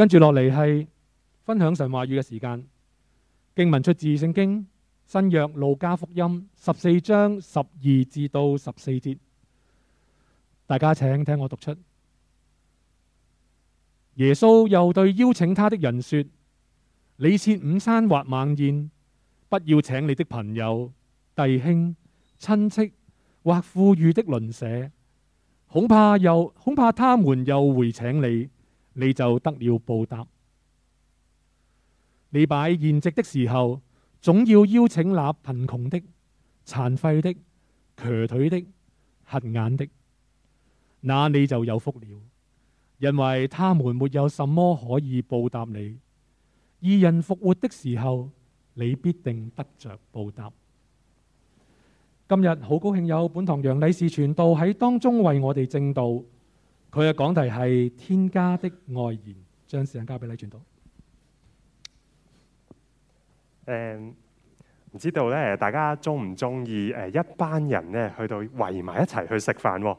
跟住落嚟係分享神話語嘅時間，經文出自《聖經》新約路加福音十四章十二至到十四節，大家請聽我讀出。耶穌又對邀請他的人說：你設午餐或晚宴，不要請你的朋友、弟兄、親戚或富裕的鄰舍，恐怕又恐怕他們又回請你。你就得了報答。你擺筵席的時候，總要邀請那貧窮的、殘廢的、瘸腿的、瞎眼的，那你就有福了，因為他們沒有什麼可以報答你。二人復活的時候，你必定得着報答。今日好高興，有本堂楊禮士傳道喺當中為我哋證道。佢嘅講題係天家的外言，將時間交俾李傳道。唔知道咧，大家鍾唔鍾意誒一班人咧去到圍埋一齊去食飯？咁、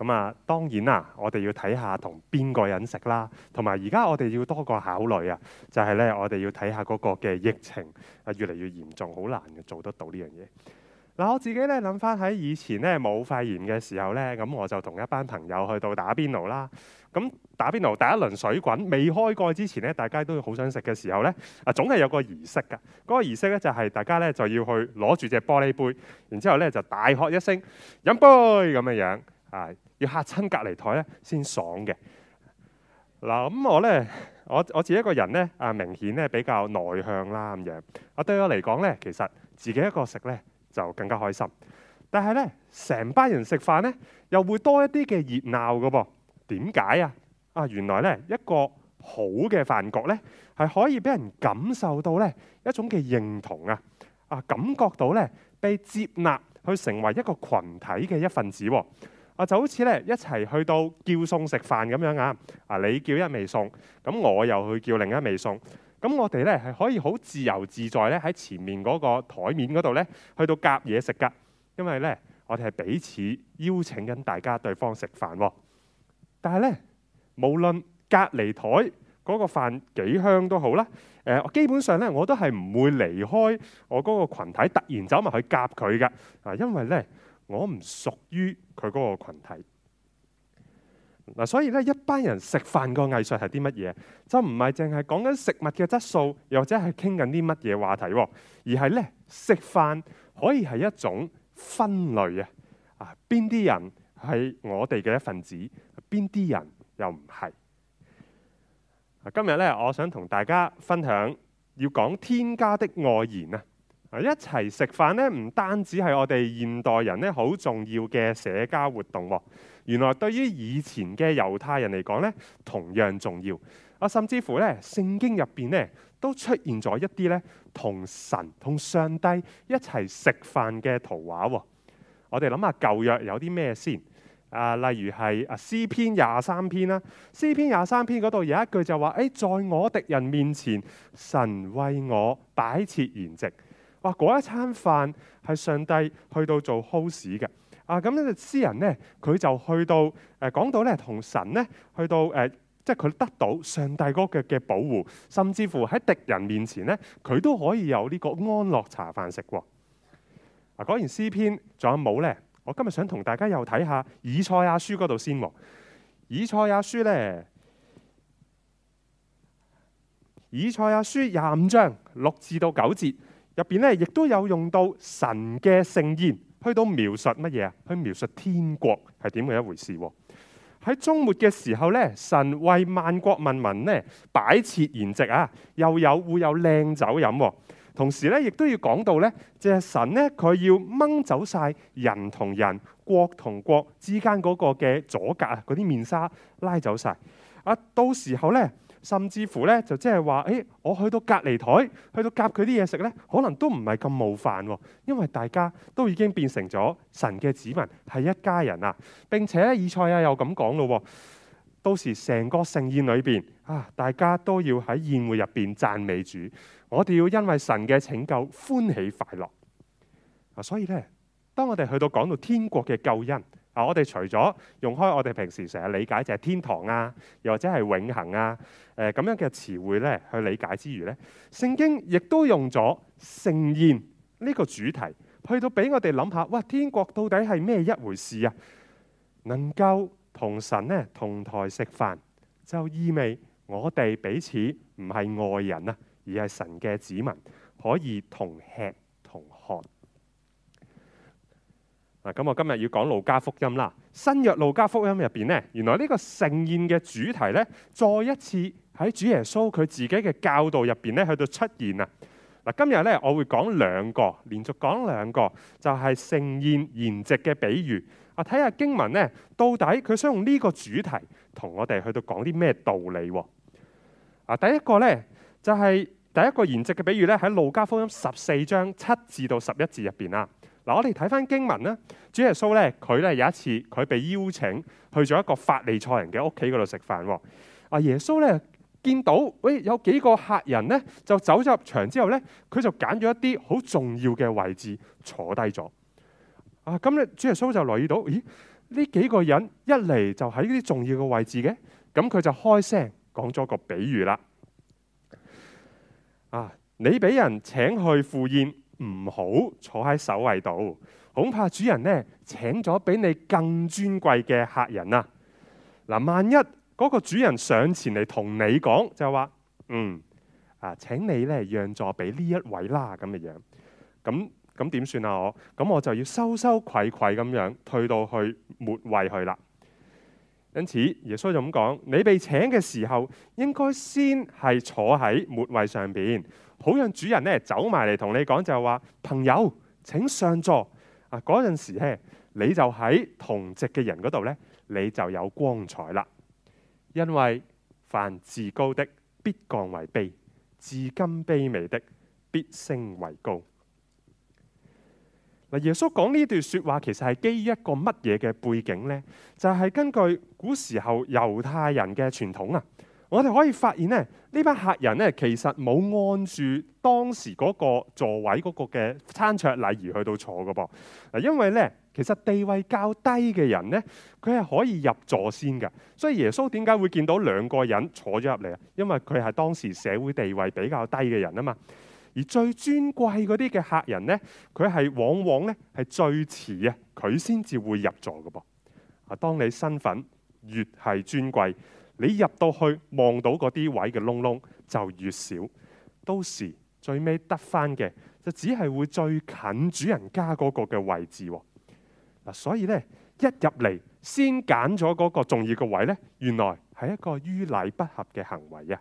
嗯、啊，當然啦，我哋要睇下同邊個人食啦。同埋而家我哋要多個考慮啊，就係、是、咧我哋要睇下嗰個嘅疫情啊，越嚟越嚴重，好難做得到呢樣嘢。嗱，我自己咧諗翻喺以前咧冇肺炎嘅時候咧，咁我就同一班朋友去到打邊爐啦。咁打邊爐第一輪水滾未開蓋之前咧，大家都好想食嘅時候咧，啊總係有個儀式噶。嗰、那個儀式咧就係、是、大家咧就要去攞住隻玻璃杯，然之後咧就大喝一聲飲杯咁嘅樣，啊要嚇親隔離台咧先爽嘅。嗱咁我咧，我我自己一個人咧啊，明顯咧比較內向啦咁樣。我對我嚟講咧，其實自己一個食咧，就更加開心，但係咧，成班人食飯咧，又會多一啲嘅熱鬧㗎喎、哦。點解啊？啊，原來咧一個好嘅飯局咧，係可以俾人感受到咧一種嘅認同啊啊，感覺到咧被接納去成為一個群體嘅一份子喎啊，就好似咧一齊去到叫餸食飯咁樣啊啊，你叫一味餸，咁我又去叫另一味餸。咁我哋咧係可以好自由自在咧喺前面嗰個台面嗰度咧去到夾嘢食噶，因為咧我哋係彼此邀請緊大家對方食飯喎。但係咧，無論隔離台嗰個飯幾香都好啦，誒基本上咧我都係唔會離開我嗰個羣體，突然走埋去夾佢噶啊，因為咧我唔屬於佢嗰個羣體。嗱，所以咧一班人食飯個藝術係啲乜嘢？就唔係淨係講緊食物嘅質素，又或者係傾緊啲乜嘢話題，而係咧食飯可以係一種分類啊！啊，邊啲人係我哋嘅一份子，邊啲人又唔係。今日咧，我想同大家分享要講天家的外延啊！啊，一齊食飯咧，唔單止係我哋現代人咧好重要嘅社交活動。原來對於以前嘅猶太人嚟講咧，同樣重要啊！甚至乎咧，聖經入邊咧都出現咗一啲咧同神同上帝一齊食飯嘅圖畫、哦。我哋諗下舊約有啲咩先啊？例如係啊詩篇廿三篇啦，詩篇廿三篇嗰度有一句就話，誒、哎，在我敵人面前，神為我擺設筵席。哇！嗰一餐飯係上帝去到做 host 嘅。啊，咁呢個詩人呢，佢就去到，誒、呃、講到咧，同神呢去到誒、呃，即係佢得到上帝嗰個嘅保護，甚至乎喺敵人面前呢，佢都可以有呢個安樂茶飯食喎、哦。嗱，講完詩篇，仲有冇呢？我今日想同大家又睇下以賽亞書嗰度先喎、哦。以賽亞書呢，以賽亞書廿五章六至到九節入邊呢，亦都有用到神嘅盛宴。去到描述乜嘢啊？去描述天國係點嘅一回事。喺終末嘅時候咧，神為萬國萬民咧擺設筵席啊，又有會有靚酒飲。同時咧，亦都要講到咧，即係神咧，佢要掹走晒人同人、國同國之間嗰個嘅阻隔啊，嗰啲面紗拉走晒啊，到時候咧。甚至乎咧，就即係話，誒，欸，我去到隔籬台，去到夾佢啲嘢食咧，可能都唔係咁冒犯，哦，因為大家都已經變成咗神嘅子民，係一家人啦，並且呢，以賽亞又咁講咯，到時成個盛宴裏邊啊，大家都要喺宴會入邊讚美主，我哋要因為神嘅拯救歡喜快樂啊，所以咧，當我哋去到講到天國嘅救恩。啊！我哋除咗用開我哋平時成日理解就係天堂啊，又或者係永恆啊，誒、呃、咁樣嘅詞彙呢去理解之餘呢，聖經亦都用咗盛宴呢、呢個主題，去到俾我哋諗下，哇！天國到底係咩一回事啊？能夠同神呢同台食飯，就意味我哋彼此唔係外人啊，而係神嘅子民，可以同吃。嗱，咁、啊、我今日要講路加福音啦。新約路加福音入邊咧，原來呢個盛宴嘅主題咧，再一次喺主耶穌佢自己嘅教導入邊咧，去到出現啊。嗱，今日咧我會講兩個，連續講兩個，就係、是、盛宴筵席嘅比喻。啊，睇下經文咧，到底佢想用呢個主題同我哋去到講啲咩道理啊？啊，第一個咧就係、是、第一個筵席嘅比喻咧，喺路加福音十四章七至到十一字入邊啦。嗱，我哋睇翻經文啦。主耶穌咧，佢咧有一次佢被邀請去咗一個法利賽人嘅屋企嗰度食飯哦。啊，耶穌咧見到，喂，有幾個客人咧就走咗入場之後咧，佢就揀咗一啲好重要嘅位置坐低咗。啊，咁咧，主耶穌就留意到，咦？呢幾個人一嚟就喺呢啲重要嘅位置嘅，咁佢就開聲講咗個比喻啦。啊，你俾人請去赴宴。唔好坐喺首位度，恐怕主人呢，請咗比你更尊貴嘅客人啊！嗱，萬一嗰個主人上前嚟，同你講，就話：嗯，啊，請你呢讓座俾呢一位啦，咁嘅樣。咁咁點算啊？我咁我就要羞羞愧愧咁樣退到去末位去啦。因此，耶穌就咁講：你被請嘅時候，應該先係坐喺末位上邊，好讓主人咧走埋嚟同你講就話，朋友，請上座啊！嗰陣時咧，你就喺同席嘅人嗰度咧，你就有光彩啦。因為，凡自高的必降為卑，自今卑微的必升為高。嗱，耶穌講呢段説話其實係基於一個乜嘢嘅背景呢？就係、是、根據古時候猶太人嘅傳統啊，我哋可以發現咧，呢班客人咧其實冇按住當時嗰個座位嗰個嘅餐桌禮儀去到坐嘅噃。嗱，因為咧，其實地位較低嘅人咧，佢係可以入座先嘅。所以耶穌點解會見到兩個人坐咗入嚟啊？因為佢係當時社會地位比較低嘅人啊嘛。而最尊貴嗰啲嘅客人呢，佢係往往咧係最遲啊，佢先至會入座嘅噃啊。當你身份越係尊貴，你入到去望到嗰啲位嘅窿窿就越少，到時最尾得翻嘅就只係會最近主人家嗰個嘅位置嗱。所以呢，一入嚟先揀咗嗰個重要嘅位呢，原來係一個於禮不合嘅行為啊！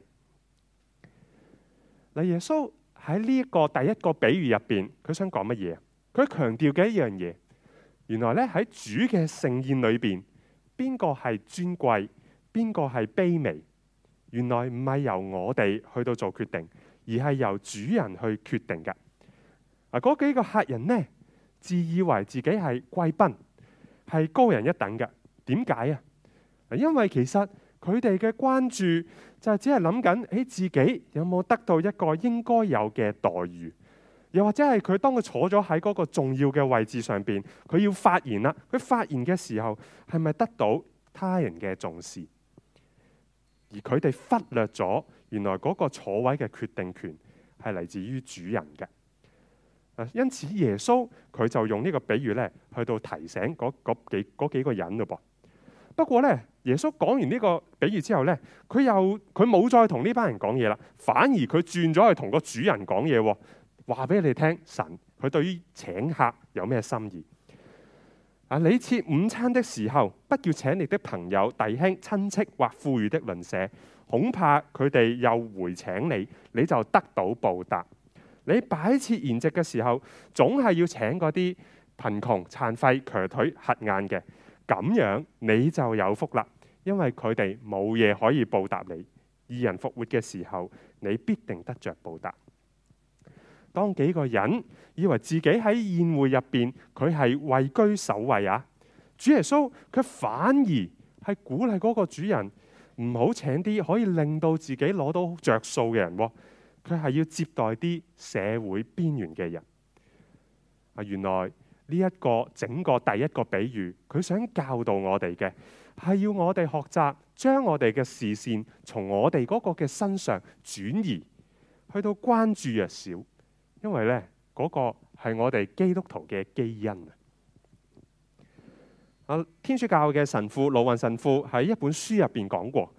嗱，耶穌。喺呢一個第一個比喻入邊，佢想講乜嘢？佢強調嘅一樣嘢，原來呢喺主嘅盛宴裏邊，邊個係尊貴，邊個係卑微？原來唔係由我哋去到做決定，而係由主人去決定嘅。嗱，嗰幾個客人呢，自以為自己係貴賓，係高人一等嘅。點解啊？嗱，因為其實。佢哋嘅關注就係只係諗緊，誒自己有冇得到一個應該有嘅待遇，又或者係佢當佢坐咗喺嗰個重要嘅位置上邊，佢要發言啦，佢發言嘅時候係咪得到他人嘅重視？而佢哋忽略咗原來嗰個坐位嘅決定權係嚟自於主人嘅。因此耶穌佢就用呢個比喻咧，去到提醒嗰嗰幾個人咯噃。不過咧，耶穌講完呢個比喻之後呢，佢又佢冇再同呢班人講嘢啦，反而佢轉咗去同個主人講嘢，話俾你聽，神佢對於請客有咩心意啊？你設午餐的時候，不要請你的朋友、弟兄、親戚或富裕的鄰舍，恐怕佢哋又回請你，你就得到報答。你擺設筵席嘅時候，總係要請嗰啲貧窮、殘廢、瘸腿、瞎眼嘅。咁樣你就有福啦，因為佢哋冇嘢，可以報答你。二人復活嘅時候，你必定得着報答。當幾個人以為自己喺宴會入邊，佢係位居首位啊，主耶穌佢反而係鼓勵嗰個主人唔好請啲可以令到自己攞到着數嘅人，佢係要接待啲社會邊緣嘅人。啊，原來。呢一個整個第一個比喻，佢想教導我哋嘅，係要我哋學習將我哋嘅視線從我哋嗰個嘅身上轉移去到關注弱小，因為呢嗰個係我哋基督徒嘅基因啊！天主教嘅神父盧雲神父喺一本書入邊講過，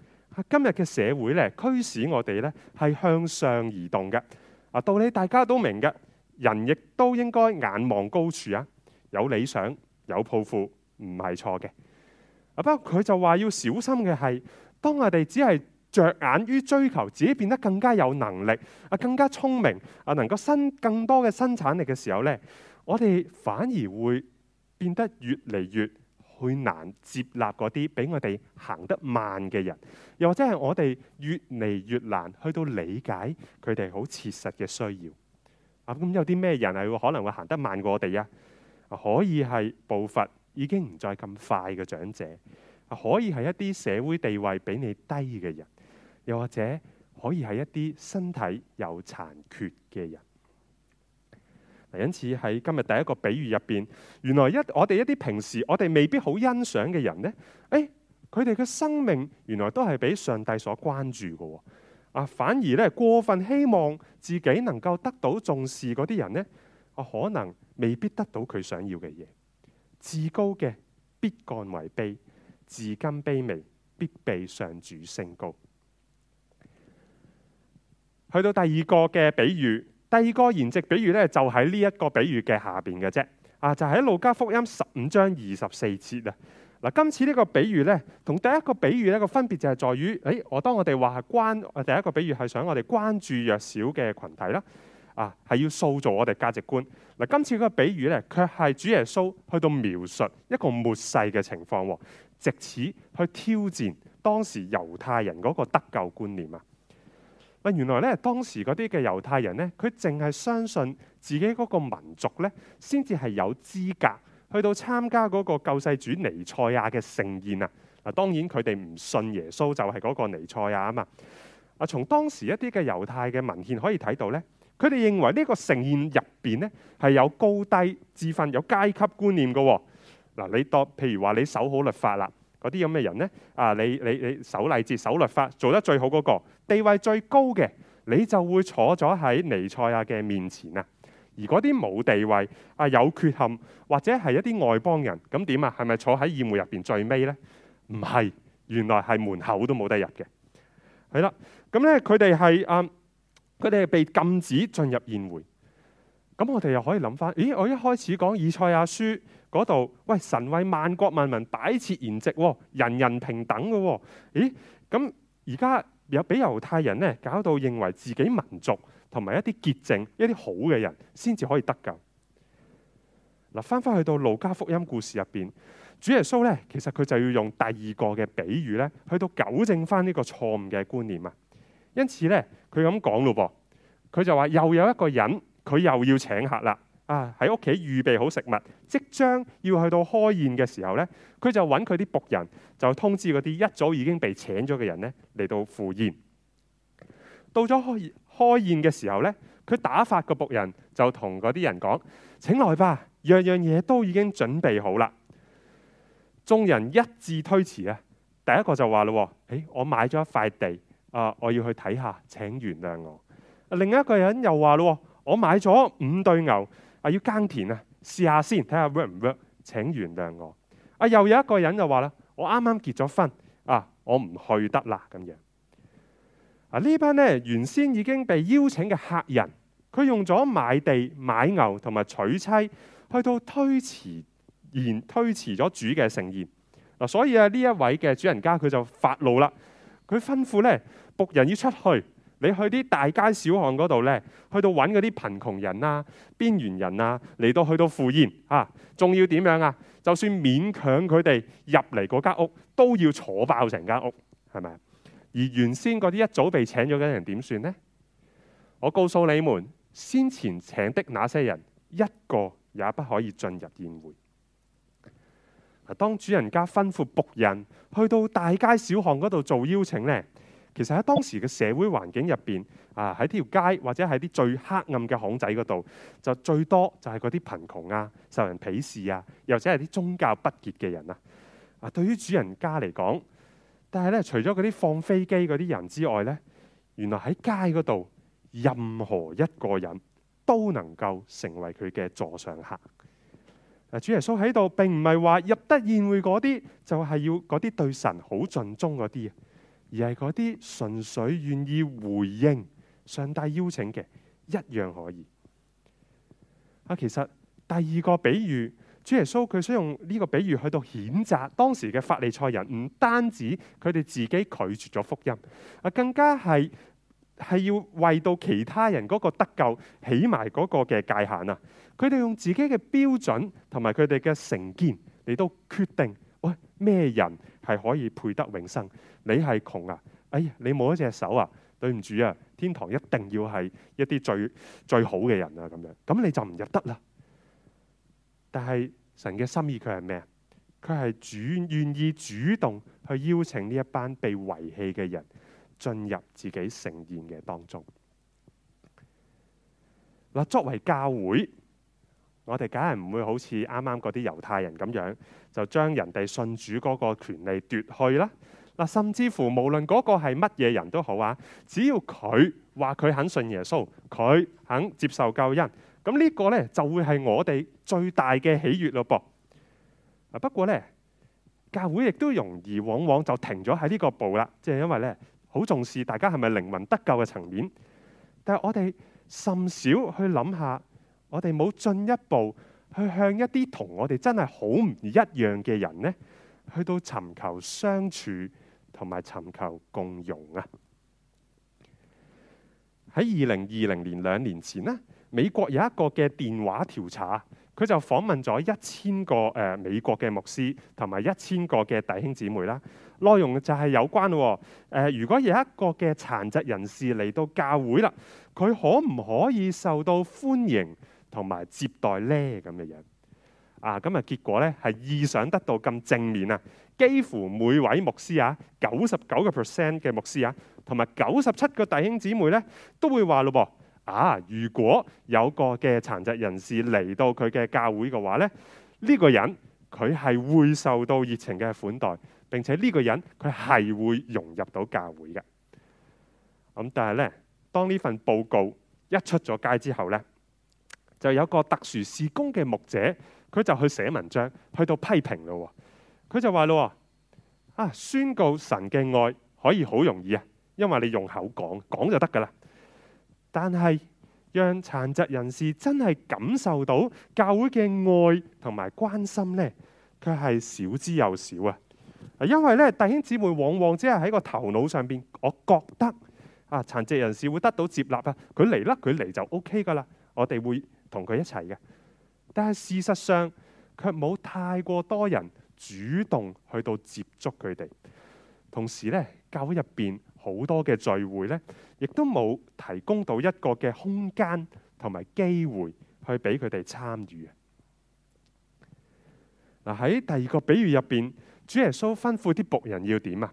今日嘅社會咧驅使我哋咧係向上移動嘅啊，道理大家都明嘅，人亦都應該眼望高處啊！有理想有抱負唔係錯嘅啊，不過佢就話要小心嘅係，當我哋只係着眼於追求自己變得更加有能力啊，更加聰明啊，能夠生更多嘅生產力嘅時候呢，我哋反而會變得越嚟越去難接納嗰啲比我哋行得慢嘅人，又或者係我哋越嚟越難去到理解佢哋好切實嘅需要啊。咁有啲咩人係可能會行得慢過我哋啊？可以係步伐已經唔再咁快嘅長者，可以係一啲社會地位比你低嘅人，又或者可以係一啲身體有殘缺嘅人。因此喺今日第一個比喻入邊，原來我一我哋一啲平時我哋未必好欣賞嘅人呢，誒、哎，佢哋嘅生命原來都係俾上帝所關注嘅。啊，反而呢，過分希望自己能夠得到重視嗰啲人呢，啊，可能。未必得到佢想要嘅嘢。至高嘅必降為卑，至甘卑微必被上主升高。去到第二個嘅比喻，第二個言值比喻咧，就喺呢一個比喻嘅下邊嘅啫。啊，就喺、是、路加福音十五章二十四節啊。嗱，今次呢個比喻咧，同第一個比喻咧個分別就係在於，誒，我當我哋話係關，第一個比喻係想我哋關注弱小嘅群體啦。啊，係要塑造我哋價值觀嗱。今次嗰個比喻咧，卻係主耶穌去到描述一個末世嘅情況，藉此去挑戰當時猶太人嗰個得救觀念啊。嗱，原來咧，當時嗰啲嘅猶太人咧，佢淨係相信自己嗰個民族咧，先至係有資格去到參加嗰個救世主尼賽亞嘅盛宴啊。嗱，當然佢哋唔信耶穌，就係嗰個尼賽亞啊嘛。啊，從當時一啲嘅猶太嘅文獻可以睇到咧。佢哋認為呢個盛宴入邊呢係有高低之分，有階級觀念嘅喎。嗱，你當譬如話你守好律法啦，嗰啲咁嘅人呢，啊，你你你守禮節、守律法做得最好嗰個，地位最高嘅，你就會坐咗喺尼賽亞嘅面前啊。而嗰啲冇地位、啊有缺陷或者係一啲外邦人，咁點啊？係咪坐喺宴會入邊最尾呢？唔係，原來係門口都冇得入嘅。係啦，咁呢，佢哋係嗯。佢哋係被禁止進入宴會，咁我哋又可以諗翻，咦，我一開始講以賽亞書嗰度，喂，神為萬國萬民擺設筵席，人人平等嘅，咦，咁而家有俾猶太人咧搞到認為自己民族同埋一啲潔淨、一啲好嘅人先至可以得救。嗱，翻翻去到路加福音故事入邊，主耶穌咧，其實佢就要用第二個嘅比喻咧，去到糾正翻呢個錯誤嘅觀念啊。因此咧，佢咁講咯噃，佢就話又有一個人，佢又要請客啦。啊，喺屋企預備好食物，即將要去到開宴嘅時候咧，佢就揾佢啲僕人，就通知嗰啲一早已經被請咗嘅人咧嚟到赴宴。到咗開開宴嘅時候咧，佢打發個僕人就同嗰啲人講：請來吧，樣樣嘢都已經準備好啦。眾人一致推辭啊，第一個就話咯：，誒，我買咗一塊地。啊！我要去睇下，請原諒我。另一個人又話咯：，我買咗五對牛，啊要耕田啊，試下先，睇下 work 唔 work？請原諒我。啊，又有一個人又話啦：，我啱啱結咗婚，啊，我唔去得啦咁樣。啊，班呢班咧原先已經被邀請嘅客人，佢用咗買地、買牛同埋娶妻，去到推辭言推辭咗主嘅盛宴。嗱、啊，所以啊，呢一位嘅主人家佢就發怒啦。佢吩咐咧僕人要出去，你去啲大街小巷嗰度咧，去到揾嗰啲貧窮人啊、邊緣人啊，嚟到去到赴宴啊，仲要點樣啊？就算勉強佢哋入嚟嗰間屋，都要坐爆成間屋，係咪？而原先嗰啲一早被請咗嘅人點算呢？我告訴你們，先前請的那些人，一個也不可以進入宴會。啊！當主人家吩咐僕人去到大街小巷嗰度做邀請呢，其實喺當時嘅社會環境入邊，啊喺條街或者喺啲最黑暗嘅巷仔嗰度，就最多就係嗰啲貧窮啊、受人鄙視啊，又或者係啲宗教不潔嘅人啊。啊，對於主人家嚟講，但係咧，除咗嗰啲放飛機嗰啲人之外呢，原來喺街嗰度，任何一個人都能夠成為佢嘅座上客。主耶穌喺度，並唔係話入得宴會嗰啲，就係、是、要嗰啲對神好盡忠嗰啲，而係嗰啲純粹願意回應上帝邀請嘅，一樣可以啊。其實第二個比喻，主耶穌佢想用呢個比喻去到譴責當時嘅法利賽人，唔單止佢哋自己拒絕咗福音啊，更加係。係要為到其他人嗰個得救起埋嗰個嘅界限啊！佢哋用自己嘅標準同埋佢哋嘅成見嚟到決定：喂、哎，咩人係可以配得永生？你係窮啊？哎，你冇咗一隻手啊？對唔住啊！天堂一定要係一啲最最好嘅人啊！咁樣，咁你就唔入得啦。但係神嘅心意佢係咩？佢係主願意主動去邀請呢一班被遺棄嘅人。進入自己成現嘅當中。嗱，作為教會，我哋梗係唔會好似啱啱嗰啲猶太人咁樣，就將人哋信主嗰個權利奪去啦。嗱，甚至乎無論嗰個係乜嘢人都好啊，只要佢話佢肯信耶穌，佢肯接受救恩，咁呢個呢，就會係我哋最大嘅喜悅咯噃。不過呢，教會亦都容易往往就停咗喺呢個步啦，即係因為呢。好重視大家係咪靈魂得救嘅層面，但係我哋甚少去諗下，我哋冇進一步去向一啲同我哋真係好唔一樣嘅人呢，去到尋求相處同埋尋求共融啊！喺二零二零年兩年前咧，美國有一個嘅電話調查，佢就訪問咗一千個誒美國嘅牧師同埋一千個嘅弟兄姊妹啦。內容就係有關咯、呃。如果有一個嘅殘疾人士嚟到教會啦，佢可唔可以受到歡迎同埋接待呢？咁嘅嘢啊，咁、嗯、啊，結果咧係意想不到咁正面啊！幾乎每位牧師啊，九十九個 percent 嘅牧師啊，同埋九十七個弟兄姊妹咧，都會話咯噃啊。如果有一個嘅殘疾人士嚟到佢嘅教會嘅話咧，呢、這個人佢係會受到熱情嘅款待。並且呢個人佢係會融入到教會嘅。咁但係呢，當呢份報告一出咗街之後呢就有一個特殊事工嘅牧者，佢就去寫文章去到批評咯。佢就話咯：啊，宣告神嘅愛可以好容易啊，因為你用口講講就得㗎喇。但係，讓殘疾人士真係感受到教會嘅愛同埋關心呢，佢係少之又少啊。因為咧，弟兄姊妹往往只係喺個頭腦上邊，我覺得啊，殘疾人士會得到接納啊，佢嚟啦，佢嚟就 OK 噶啦，我哋會同佢一齊嘅。但係事實上，卻冇太過多人主動去到接觸佢哋。同時咧，教會入邊好多嘅聚會咧，亦都冇提供到一個嘅空間同埋機會去俾佢哋參與嘅。嗱，喺第二個比喻入邊。主耶穌吩咐啲僕人要點啊？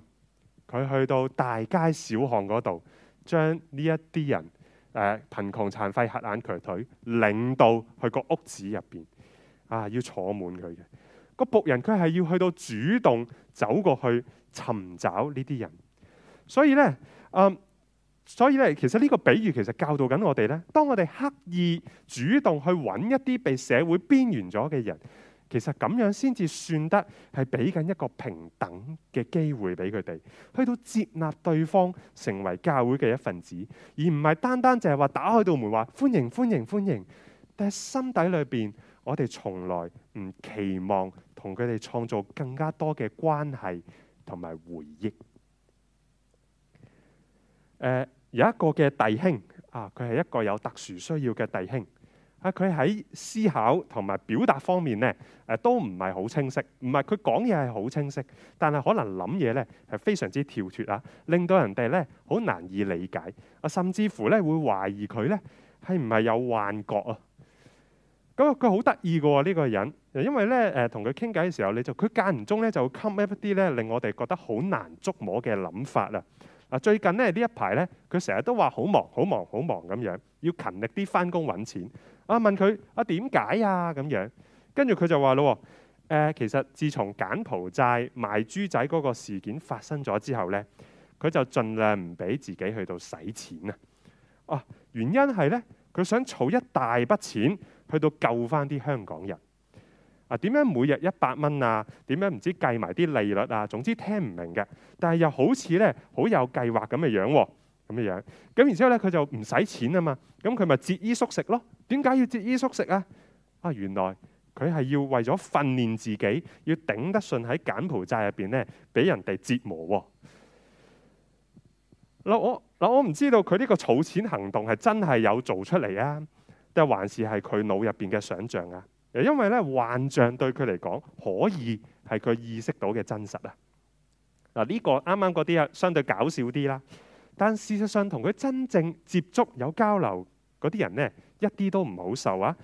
佢去到大街小巷嗰度，將呢一啲人誒貧窮殘廢、瞎眼瘸腿，領到去個屋子入邊啊，要坐滿佢嘅個僕人。佢係要去到主動走過去尋找呢啲人。所以呢，嗯，所以呢，其實呢個比喻其實教導緊我哋呢：當我哋刻意主動去揾一啲被社會邊緣咗嘅人。其實咁樣先至算得係俾緊一個平等嘅機會俾佢哋，去到接納對方成為教會嘅一份子，而唔係單單淨係話打開道門話歡迎歡迎歡迎，但係心底裏邊我哋從來唔期望同佢哋創造更加多嘅關係同埋回憶。呃，有一個嘅弟兄啊，佢係一個有特殊需要嘅弟兄。啊！佢喺思考同埋表達方面咧，誒、啊、都唔係好清晰。唔係佢講嘢係好清晰，但係可能諗嘢咧係非常之跳脫啊，令到人哋咧好難以理解啊，甚至乎咧會懷疑佢咧係唔係有幻覺啊。咁佢好得意噶喎呢個人，因為咧誒同佢傾偈嘅時候，你就佢間唔中咧就會 come up 一啲咧，令我哋覺得好難捉摸嘅諗法啦、啊。嗱、啊、最近咧呢呢一排咧，佢成日都話好忙，好忙，好忙咁樣，要勤力啲返工揾錢。問他啊！問佢啊，點解啊咁樣？跟住佢就話咯，誒、呃、其實自從柬埔寨賣豬仔嗰個事件發生咗之後咧，佢就盡量唔俾自己去到使錢啊！啊，原因係咧，佢想儲一大筆錢去到救翻啲香港人啊！點樣每日一百蚊啊？點樣唔知計埋啲利率啊？總之聽唔明嘅，但係又好似咧好有計劃咁嘅樣喎、啊。咁樣，樣，咁然之後咧，佢就唔使錢啊嘛，咁佢咪節衣縮食咯？點解要節衣縮食啊？啊，原來佢係要為咗訓練自己，要頂得順喺柬埔寨入邊咧，俾人哋折磨。嗱我嗱我唔知道佢呢個儲錢行動係真係有做出嚟啊，定還是係佢腦入邊嘅想象啊？因為咧幻象對佢嚟講，可以係佢意識到嘅真實啊。嗱，這，呢個啱啱嗰啲啊，相對搞笑啲啦。但事實上，同佢真正接觸有交流嗰啲人呢，一啲都唔好受啊！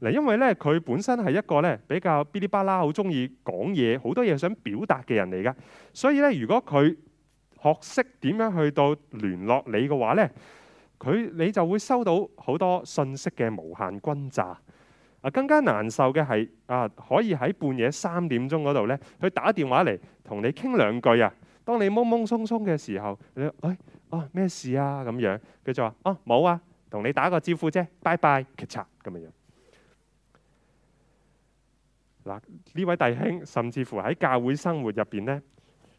嗱，因為呢，佢本身係一個呢比較嗶哩吧啦，好中意講嘢，好多嘢想表達嘅人嚟噶。所以呢，如果佢學識點樣去到聯絡你嘅話呢，佢你就會收到好多信息嘅無限轟炸啊！更加難受嘅係啊，可以喺半夜三點鐘嗰度呢，佢打電話嚟同你傾兩句啊。當你懵懵鬆鬆嘅時候，你，哎。哦，咩事啊？咁樣佢就話，哦，冇啊，同你打個招呼啫，拜拜，咔嚓。咁樣嗱。呢位弟兄甚至乎喺教會生活入邊呢，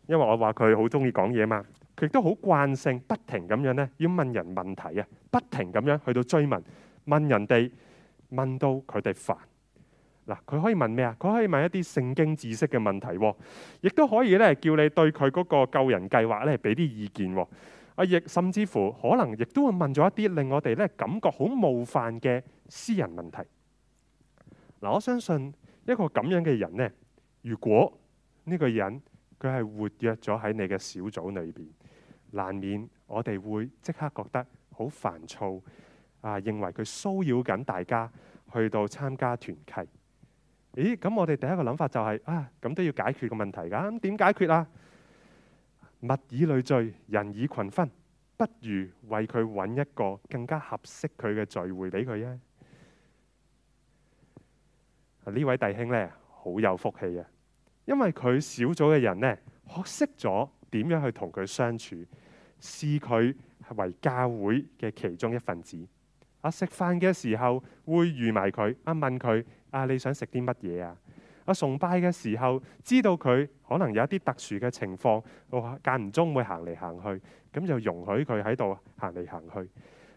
因為我話佢好中意講嘢嘛，佢亦都好慣性，不停咁樣呢，要問人問題啊，不停咁樣去到追問，問人哋問到佢哋煩嗱。佢可以問咩啊？佢可以問一啲聖經知識嘅問題，亦都可以呢，叫你對佢嗰個救人計劃呢，俾啲意見。阿易甚至乎可能亦都會問咗一啲令我哋咧感覺好冒犯嘅私人問題。嗱，我相信一個咁樣嘅人呢，如果呢個人佢係活躍咗喺你嘅小組裏邊，難免我哋會即刻覺得好煩躁啊，認為佢騷擾緊大家，去到參加團契。咦？咁我哋第一個諗法就係、是、啊，咁都要解決個問題㗎？咁點解決啊？物以類聚，人以群分，不如為佢揾一個更加合適佢嘅聚會俾佢呀！呢、啊、位弟兄呢，好有福氣啊！因為佢小組嘅人呢，學識咗點樣去同佢相處，視佢為教會嘅其中一份子。啊，食飯嘅時候會預埋佢啊，問佢啊，你想食啲乜嘢啊？崇拜嘅時候，知道佢可能有一啲特殊嘅情況，我間唔中會行嚟行去，咁就容許佢喺度行嚟行去。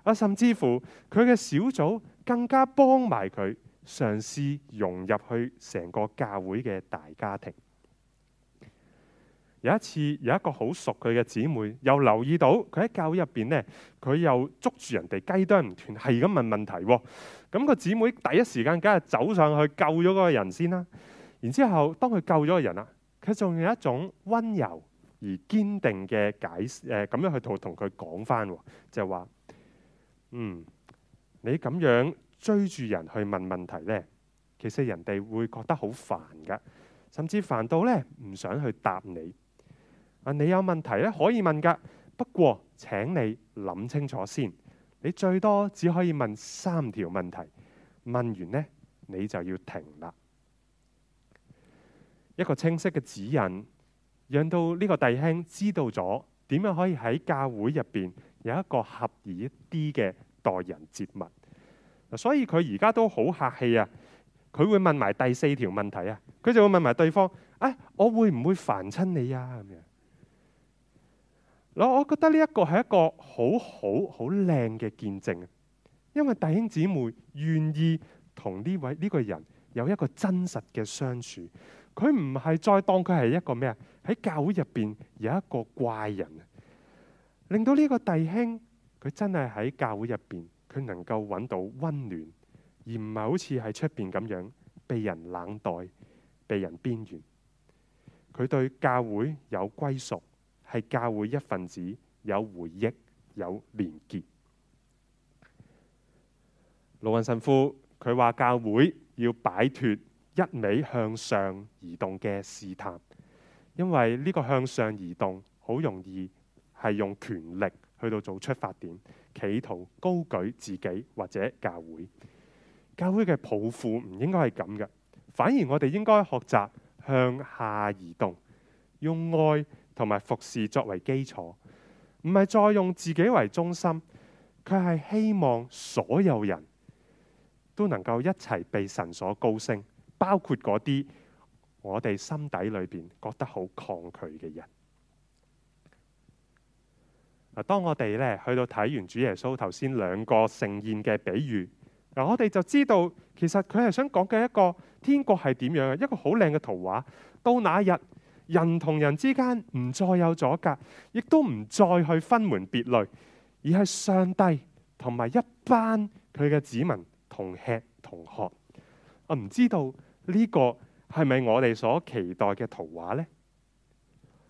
阿甚至乎佢嘅小組更加幫埋佢，嘗試融入去成個教會嘅大家庭。有一次有一個好熟佢嘅姊妹，又留意到佢喺教會入面呢，佢又捉住人哋雞啄唔斷，係咁問問題喎。咁個姊妹第一時間梗係走上去救咗嗰個人先啦。然之後，當佢救咗個人啦，佢仲有一種溫柔而堅定嘅解釋誒，咁、呃、樣去同同佢講返，就係、是、話：嗯，你咁樣追住人去問問題呢，其實人哋會覺得好煩㗎，甚至煩到呢唔想去答你。啊，你有問題呢可以問㗎，不過請你諗清楚先。你最多只可以問三條問題，問完呢你就要停啦。一個清晰嘅指引，讓到呢個弟兄知道咗點樣可以喺教會入邊有一個合宜一啲嘅待人接物。所以佢而家都好客氣啊，佢會問埋第四條問題啊，佢就會問埋對方：哎，我會唔會煩親你啊？咁樣。嗱，我覺得呢一個係一個好好好靚嘅見證，因為弟兄姊妹願意同呢位呢個人有一個真實嘅相處。佢唔係再當佢係一個咩啊？喺教會入邊有一個怪人，令到呢個弟兄佢真係喺教會入邊，佢能夠搵到溫暖，而唔係好似喺出邊咁樣被人冷待、被人邊緣。佢對教會有歸屬，係教會一份子，有回憶、有連結。盧雲神父佢話：教會要擺脫。一味向上移動嘅試探，因為呢個向上移動好容易係用權力去到做出發點，企圖高舉自己或者教會教會嘅抱負，唔應該係咁嘅。反而我哋應該學習向下移動，用愛同埋服侍作為基礎，唔係再用自己為中心，佢係希望所有人都能夠一齊被神所高升。包括嗰啲我哋心底裏邊覺得好抗拒嘅人。當我哋咧去到睇完主耶穌頭先兩個盛宴嘅比喻，嗱，我哋就知道其實佢係想講嘅一個天國係點樣嘅，一個好靚嘅圖畫。到那一日，人同人之間唔再有阻隔，亦都唔再去分門別類，而係上帝同埋一班佢嘅子民同吃同喝。我唔知道。呢個係咪我哋所期待嘅圖畫呢？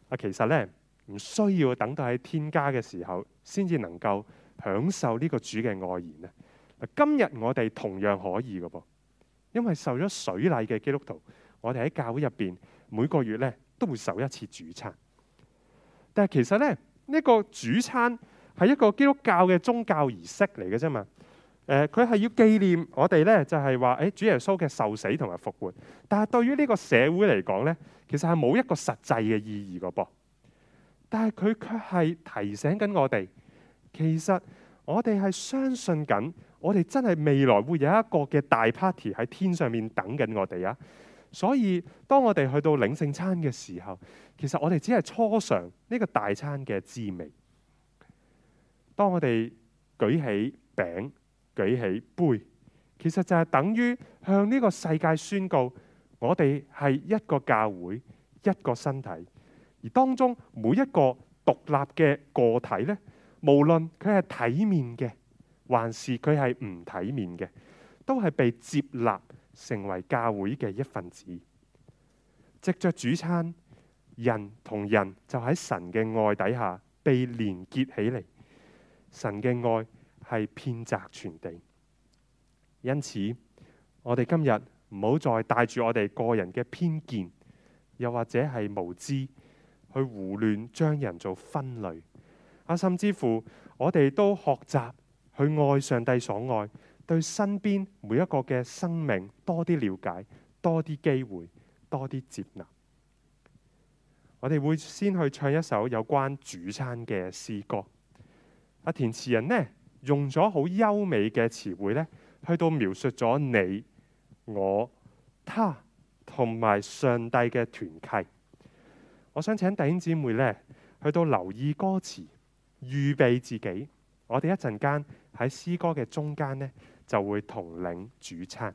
啊，其實呢，唔需要等到喺天家嘅時候，先至能夠享受呢個主嘅愛言咧。今日我哋同樣可以㗎噃，因為受咗水禮嘅基督徒，我哋喺教會入邊每個月咧都會受一次主餐。但係其實呢，呢、呢個主餐係一個基督教嘅宗教儀式嚟嘅啫嘛。誒，佢係要紀念我哋呢，就係話誒，主耶穌嘅受死同埋復活。但係對於呢個社會嚟講呢，其實係冇一個實際嘅意義噶噃。但係佢卻係提醒緊我哋，其實我哋係相信緊，我哋真係未來會有一個嘅大 party 喺天上面等緊我哋啊！所以當我哋去到領聖餐嘅時候，其實我哋只係初嘗呢個大餐嘅滋味。當我哋舉起餅。舉起杯，其實就係等於向呢個世界宣告，我哋係一個教會，一個身體，而當中每一個獨立嘅個體呢，無論佢係體面嘅，還是佢係唔體面嘅，都係被接納成為教會嘅一份子。藉着主餐，人同人就喺神嘅愛底下被連結起嚟，神嘅愛。係偏窄傳遞，因此我哋今日唔好再帶住我哋個人嘅偏見，又或者係無知去胡亂將人做分類啊，甚至乎我哋都學習去愛上帝所愛，對身邊每一個嘅生命多啲了解，多啲機會，多啲接納。我哋會先去唱一首有關主餐嘅詩歌，阿填詞人呢？用咗好優美嘅詞彙呢，去到描述咗你、我、他同埋上帝嘅團契。我想請弟兄姊妹呢，去到留意歌詞，預備自己。我哋一陣間喺詩歌嘅中間呢，就會同領主餐。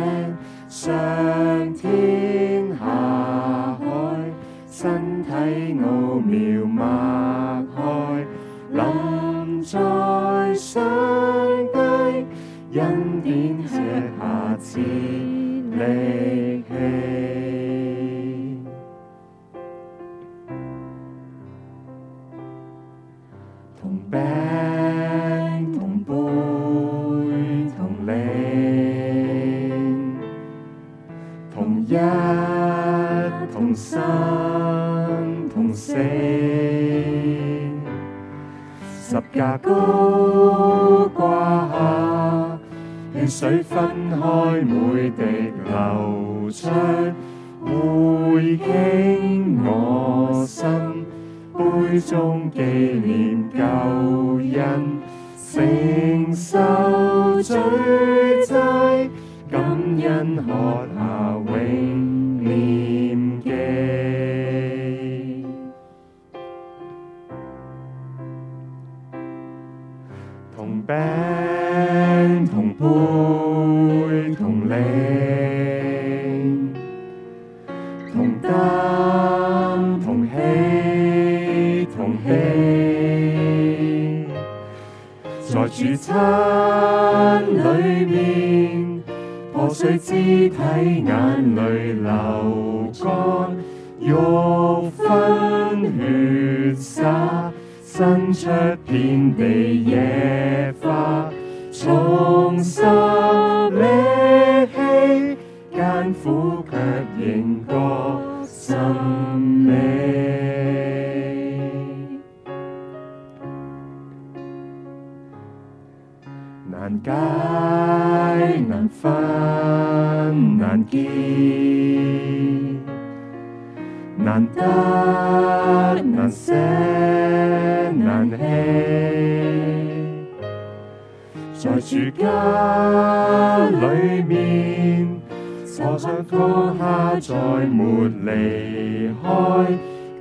分開每滴流出，匯傾我心，杯中紀念舊人，承受罪債，感恩何。在住家裏面，坐着，當下，再沒離開。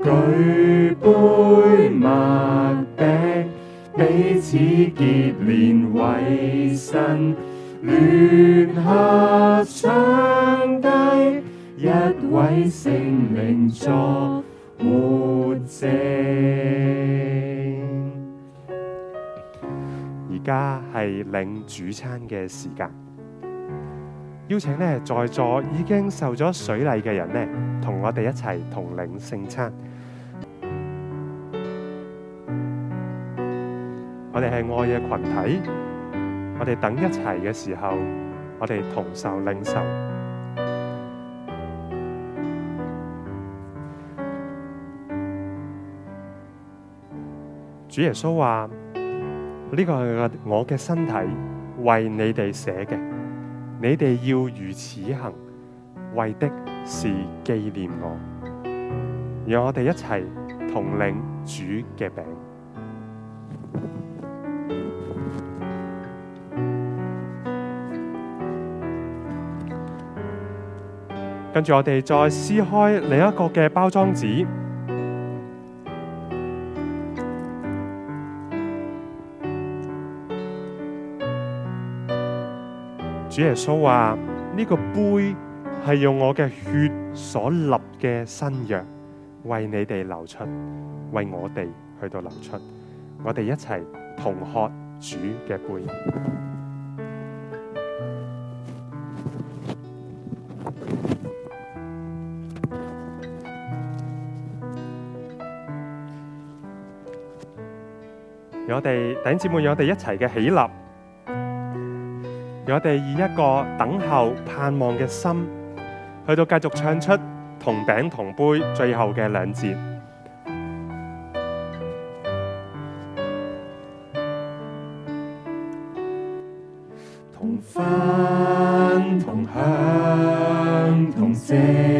舉杯擘餅，彼此結連為新。聯下上帝一位聖靈作活證。而家係領主餐嘅時間，邀請咧在座已經受咗水禮嘅人咧，同我哋一齊同領聖餐。我哋係愛嘅群體，我哋等一齊嘅時候，我哋同受領受。主耶穌話。呢個係我嘅身體，為你哋寫嘅。你哋要如此行，為的是紀念我。讓我哋一齊同領主嘅餅。跟住我哋再撕開另一個嘅包裝紙。主耶穌話：呢、這個杯係用我嘅血所立嘅新約，為你哋流出，為我哋去到流出。我哋一齊同喝主嘅杯。我哋弟兄姊妹，有我哋一齊嘅起立。我哋以一個等候、盼望嘅心，去到繼續唱出《同餅同杯》最後嘅兩節：同分、同享、同聲。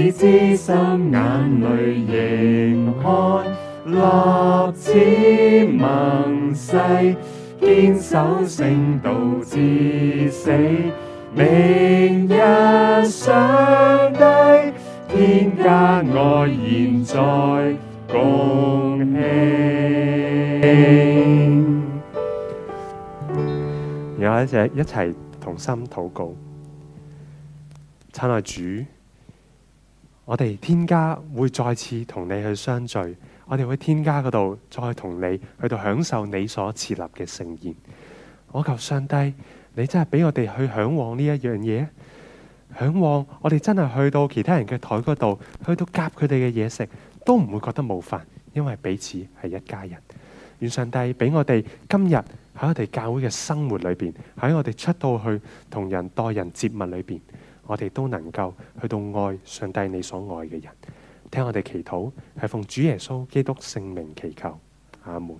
以知心眼淚盈眶，立此盟誓，堅守聖道至死。明日上帝天家外，現在，在共慶。然後呢，一齊同心禱告，親愛的主。我哋天家會再次同你去相聚，我哋會天家嗰度再同你去到享受你所設立嘅盛宴。我求上帝，你真係俾我哋去向往呢一樣嘢，向往我哋真係去到其他人嘅台嗰度，去到夾佢哋嘅嘢食，都唔會覺得冒犯，因為彼此係一家人。願上帝俾我哋今日喺我哋教會嘅生活裏邊，喺我哋出到去同人待人接物裏邊。我哋都能夠去到愛上帝，你所愛嘅人，聽我哋祈禱，係奉主耶穌基督聖名祈求，阿門。